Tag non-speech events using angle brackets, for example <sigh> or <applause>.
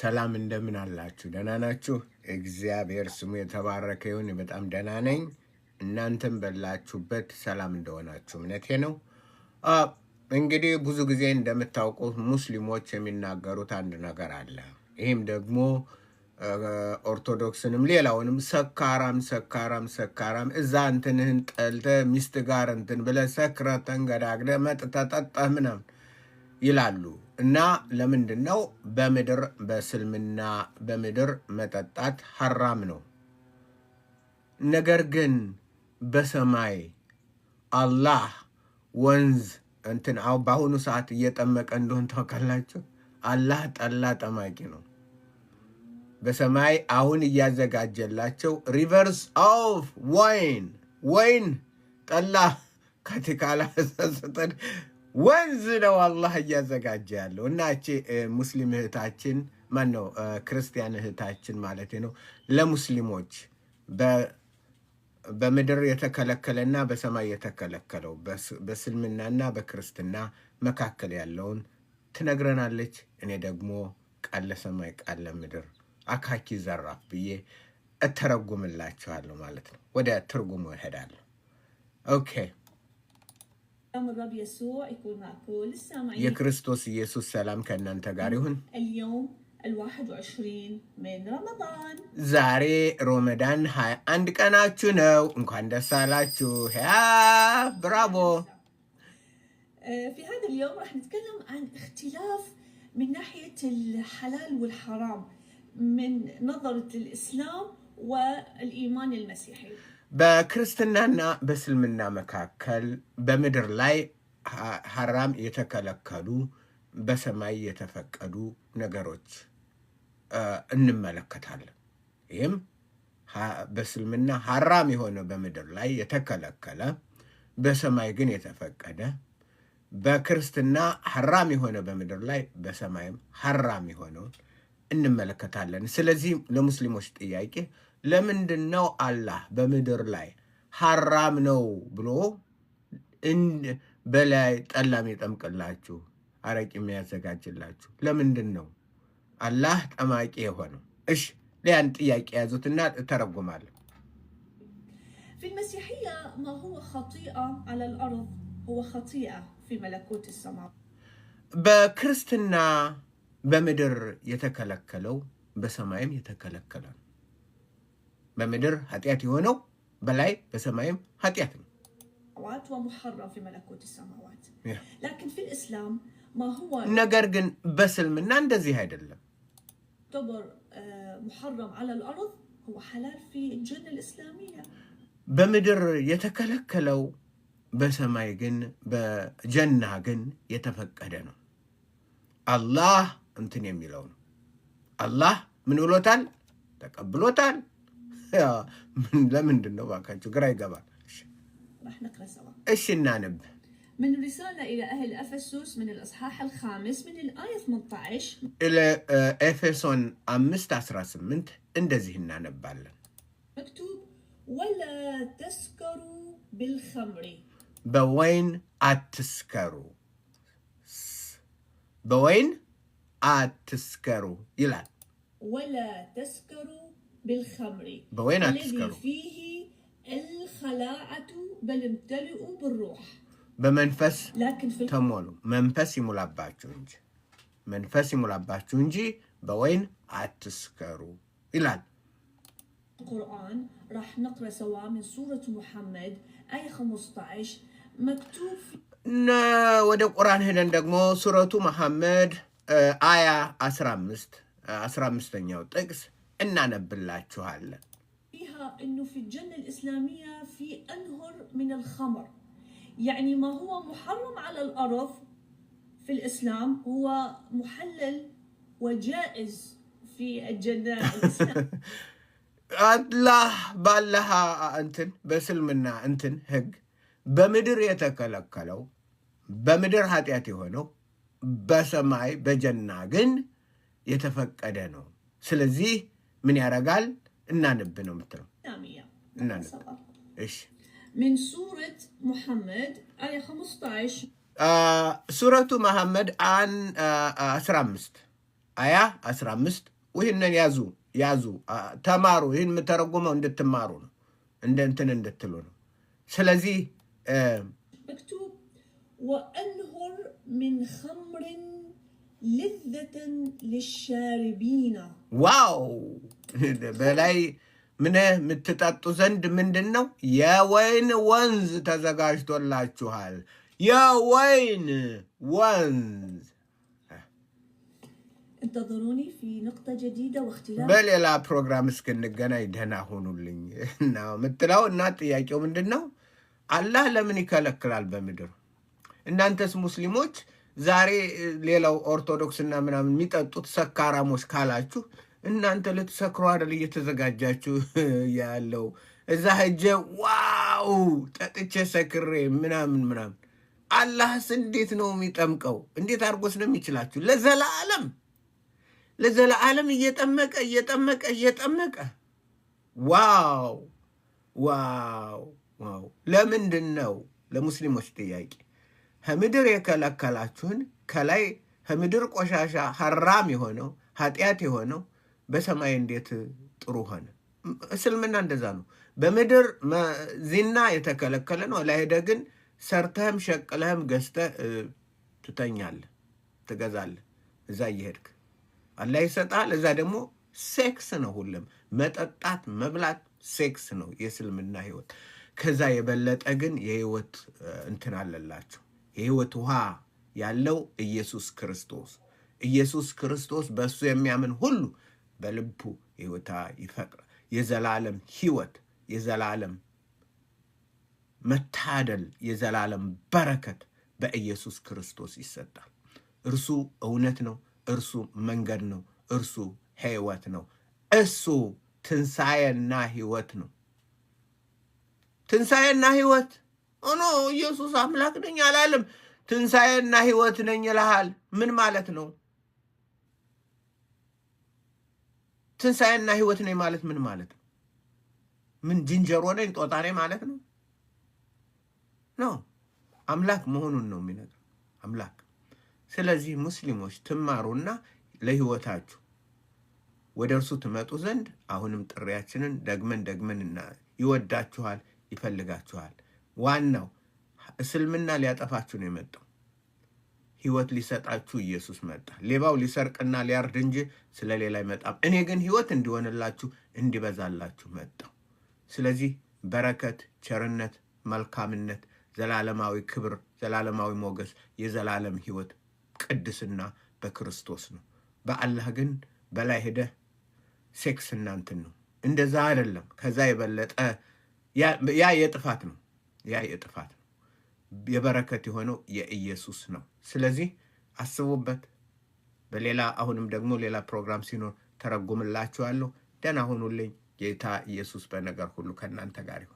ሰላም እንደምን አላችሁ? ደህና ናችሁ? እግዚአብሔር ስሙ የተባረከ ይሁን። በጣም ደህና ነኝ። እናንተም በላችሁበት ሰላም እንደሆናችሁ እምነቴ ነው። እንግዲህ ብዙ ጊዜ እንደምታውቁት ሙስሊሞች የሚናገሩት አንድ ነገር አለ። ይህም ደግሞ ኦርቶዶክስንም ሌላውንም ሰካራም ሰካራም ሰካራም እዛ እንትንህን ጠልተ ሚስት ጋር እንትን ብለ ሰክረህ ተንገዳግደህ መጥተህ ምናምን ይላሉ። እና ለምንድን ነው በምድር በእስልምና በምድር መጠጣት ሐራም ነው። ነገር ግን በሰማይ አላህ ወንዝ እንትን አሁ በአሁኑ ሰዓት እየጠመቀ እንደሆን ታውቃላችሁ። አላህ ጠላ ጠማቂ ነው። በሰማይ አሁን እያዘጋጀላቸው ሪቨርስ ኦፍ ወይን ወይን ጠላ ከቲካላ ሰሰጠን <laughs> ወንዝ ነው አላህ እያዘጋጀ ያለው እና ቼ ሙስሊም እህታችን ማን ነው ክርስቲያን እህታችን ማለት ነው ለሙስሊሞች በምድር የተከለከለና በሰማይ የተከለከለው በእስልምናና በክርስትና መካከል ያለውን ትነግረናለች። እኔ ደግሞ ቃለ ሰማይ ቃለ ምድር አካኪ ዘራፍ ብዬ እተረጉምላችኋለሁ ማለት ነው። ወደ ትርጉሙ እሄዳለሁ። ኦኬ سلام الرب يسوع يكون مع كل اليوم الواحد وعشرين من رمضان زاري رمضان هاي ቀናችሁ ነው። እንኳን ደስ አላችሁ። ያ ها برافو في هذا اليوم راح نتكلم عن اختلاف من ناحية الحلال والحرام من نظرة الإسلام والإيمان المسيحي በክርስትናና በእስልምና መካከል በምድር ላይ ሐራም የተከለከሉ በሰማይ የተፈቀዱ ነገሮች እንመለከታለን። ይህም በእስልምና ሐራም የሆነ በምድር ላይ የተከለከለ በሰማይ ግን የተፈቀደ፣ በክርስትና ሐራም የሆነ በምድር ላይ በሰማይም ሐራም የሆነውን እንመለከታለን። ስለዚህ ለሙስሊሞች ጥያቄ ለምንድን ነው አላህ በምድር ላይ ሐራም ነው ብሎ በላይ ጠላም የጠምቅላችሁ አረቂ የሚያዘጋጅላችሁ ለምንድን ነው አላህ ጠማቂ የሆነው? እሽ ሊያን ጥያቄ ያዙትና ተረጉማለሁ። በክርስትና በምድር የተከለከለው በሰማይም የተከለከለ ነው። በምድር ኃጢአት የሆነው በላይ በሰማይም ኃጢአት ነው። ነገር ግን በእስልምና እንደዚህ አይደለም። በምድር የተከለከለው በሰማይ ግን በጀና ግን የተፈቀደ ነው። አላህ እንትን የሚለው ነው። አላህ ምን ብሎታል? ተቀብሎታል። ለምንድን ነው ባካችሁ? نقرا سوا ايش النانب من رسالة إلى أهل أفسوس من الإصحاح الخامس من الآية 18 إلى أفسون أمست عشرة سمنت اندزي النانب مكتوب ولا تسكروا بالخمر بوين أتسكروا بوين أتسكروا يلا ولا تسكروا بالخمر بوينك الذي فيه الخلاعة بل امتلئ بالروح በመንፈስ ተሞሉ። መንፈስ ይሙላባችሁ እንጂ መንፈስ ይሙላባችሁ እንጂ በወይን አትስከሩ ይላል። ቁርአን ራህ ነቅረ ሰዋ ምን ሱረት ሙሐመድ አይ 15 መክቱብ እና ወደ ቁርአን ሄደን ደግሞ ሱረቱ መሐመድ አያ 15 15ኛው ጥቅስ እናነብላችኋለን። فيها انه في الجنه الاسلاميه في انهر من الخمر يعني ما هو محرم على الارض في الاسلام هو محلل وجائز في الجنه الاسلاميه አላህ ባለሃ እንትን انتن እንትን ህግ በምድር የተከለከለው በምድር ኃጢአት የሆነው በሰማይ በጀና ግን የተፈቀደ ነው። ስለዚህ ምን ያደርጋል? እናንብ ነው የምትለው። ሱረቱ መሐመድ አስራ አምስት አያ አስራ አምስት ይህንን ያዙ ያዙ ተማሩ። ይህን የምተረጉመው እንድትማሩ ነው፣ እንደ እንትን እንድትሉ ነው። ስለዚህ ወአንሁር ምን ኸምሪን ልዘተን ልሻርቢና ዋው በላይ ምን የምትጠጡ ዘንድ ምንድን ነው? የወይን ወንዝ ተዘጋጅቶላችኋል። የወይን ወንዝ በሌላ ፕሮግራም እስክንገናኝ ደህና ሆኑልኝ እና የምትለው እና ጥያቄው ምንድን ነው? አላህ ለምን ይከለክላል በምድር? እናንተስ ሙስሊሞች ዛሬ ሌላው ኦርቶዶክስና ምናምን የሚጠጡት ሰካራሞች ካላችሁ እናንተ ልትሰክሮ አይደል እየተዘጋጃችሁ <laughs> ያለው። እዛ ሄጄ ዋው ጠጥቼ ሰክሬ ምናምን ምናምን። አላህስ እንዴት ነው የሚጠምቀው? እንዴት አድርጎስ ነው የሚችላችሁ? ለዘላለም ለዘላለም እየጠመቀ እየጠመቀ እየጠመቀ ዋው ዋው ዋው። ለምንድን ነው ለሙስሊሞች ጥያቄ ከምድር የከለከላችሁን ከላይ ከምድር ቆሻሻ ሀራም የሆነው ኃጢአት የሆነው በሰማይ እንዴት ጥሩ ሆነ? እስልምና እንደዛ ነው። በምድር ዚና የተከለከለ ነው። ላሄደ ግን ሰርተህም ሸቅለህም ገዝተህ ትተኛለህ፣ ትገዛለህ። እዛ እየሄድክ አላህ ይሰጣል። እዛ ደግሞ ሴክስ ነው። ሁሉም መጠጣት፣ መብላት ሴክስ ነው የእስልምና ህይወት። ከዛ የበለጠ ግን የህይወት እንትን አለላቸው። የህይወት ውሃ ያለው ኢየሱስ ክርስቶስ። ኢየሱስ ክርስቶስ በእሱ የሚያምን ሁሉ በልቡ ህይወታ ይፈቅር የዘላለም ህይወት የዘላለም መታደል፣ የዘላለም በረከት በኢየሱስ ክርስቶስ ይሰጣል። እርሱ እውነት ነው። እርሱ መንገድ ነው። እርሱ ህይወት ነው። እሱ ትንሣኤና ህይወት ነው። ትንሣኤና ህይወት ኖ ኢየሱስ አምላክ ነኝ አላለም። ትንሣኤና ሕይወት ነኝ ይልሃል። ምን ማለት ነው? ትንሣኤና ሕይወት ነኝ ማለት ምን ማለት ነው? ምን ዝንጀሮ ነኝ ጦጣ ነኝ ማለት ነው? ኖ አምላክ መሆኑን ነው የሚነግር አምላክ። ስለዚህ ሙስሊሞች ትማሩና ለሕይወታችሁ ወደ እርሱ ትመጡ ዘንድ አሁንም ጥሪያችንን ደግመን ደግመን ይወዳችኋል፣ ይፈልጋችኋል። ዋናው እስልምና ሊያጠፋችሁ ነው የመጣው። ህይወት ሊሰጣችሁ ኢየሱስ መጣ። ሌባው ሊሰርቅና ሊያርድ እንጂ ስለሌላ አይመጣም። እኔ ግን ህይወት እንዲሆንላችሁ እንዲበዛላችሁ መጣው። ስለዚህ በረከት፣ ቸርነት፣ መልካምነት፣ ዘላለማዊ ክብር፣ ዘላለማዊ ሞገስ፣ የዘላለም ህይወት፣ ቅድስና በክርስቶስ ነው። በአላህ ግን በላይ ሄደ ሴክስ እናንትን ነው። እንደዛ አይደለም። ከዛ የበለጠ ያ የጥፋት ነው። ያ የጥፋት ነው። የበረከት የሆነው የኢየሱስ ነው። ስለዚህ አስቡበት። በሌላ አሁንም ደግሞ ሌላ ፕሮግራም ሲኖር ተረጉምላችኋለሁ። ደህና ሁኑልኝ። ጌታ ኢየሱስ በነገር ሁሉ ከእናንተ ጋር ይሁን።